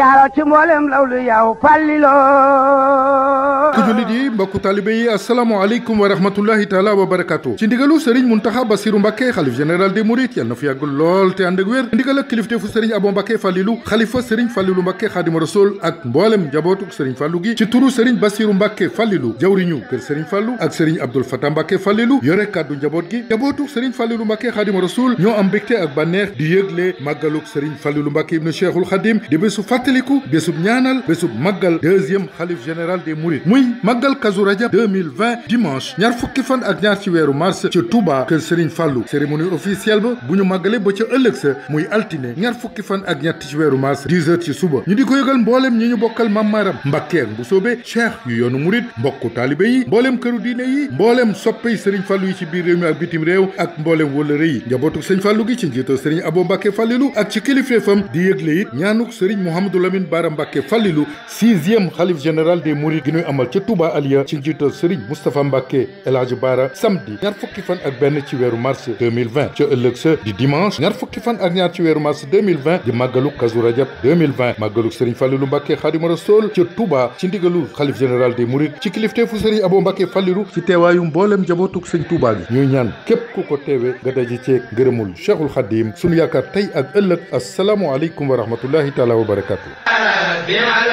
yaaro ci mboolem lawlu yaw Falliloo mbokku jullit yi mbokku taalibé yi asalaamaaleykum wa rahmatullahi taala wa barakatu ci ndigalu sëriñ Muntaxa Basiru Mbàkke xalif général des mourides yal na fi yàgg lool te ànd ak wér ndigal ak kilifteefu sëriñ Abo Mbàkke Fàllilu xalifa sëriñ Fàllilu Mbàkke Xaadimu Rasuul ak mboolem njabootuk sëriñ Fàllu gi ci turu sëriñ Basiru Mbàkke Fàllilu jawriñu kër sëriñ Fàllu ak sëriñ Abdul Fata Mbàkke ñoo am mbégte ak bànneex di yëgle màggaluk sëriñ Fàllilu Mbàkke ibnu Cheikhul Xadim di bésu fàttaliku bésub ñaanal bésub màggal deuxième xalif général màggal kazu rajab 2020 dimanche ñaar fukki fan ak ñaar ci weeru mars ci Touba kër Serigne Fallou cérémonie officielle ba bu ñu màggale ba ca ëllëg sa muy altine ñaar fukki fan ak ñett ci weeru mars 10 heures ci suba ñu di ko yëgal mboolem ñi ñu bokkal mamaram Mbàkke ak bu soobee cheikh yu yoonu murit mbokku taalibe yi mboolem këru diine yi mboolem soppe yi Serigne yi ci biir réew mi ak bitim réew ak mboolem wëllëre yi njabootu Serigne Fallou gi ci njiitoo Serigne Abo Mbàkke Fallilu ak ci kilifeefam di yëgle it ñaanuk Serigne Mouhamadou Lamine Bara Mbàkke Fallilu sixième xalif ca Touba Aliya ci njiital Serigne Moustapha Mbacke El Hadj Baara samedi ñaar fukki fan ak benn ci weeru mars 2020 ca ëllëg sa di dimanche ñaar fukki fan ak ñaar ci weeru mars 2020 di màggalu Kazu Rajab 2020 màggalu Serigne Fallilou Mbacke Khadimou Rassoul ca Touba ci ndigalu xalif général des Mourides ci kilifteefu Serigne Abo Mbacke Fallilou ci teewaayu mboolem jabootug Sëñ Touba gi ñuy ñaan képp ku ko teewe nga daje ceeg ngërëmul Cheikhul Khadim sunu yaakaar tey ak ëllëg asalaamualeykum wa rahmatullahi taala wa على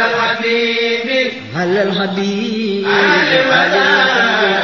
الحبيب على الحبيب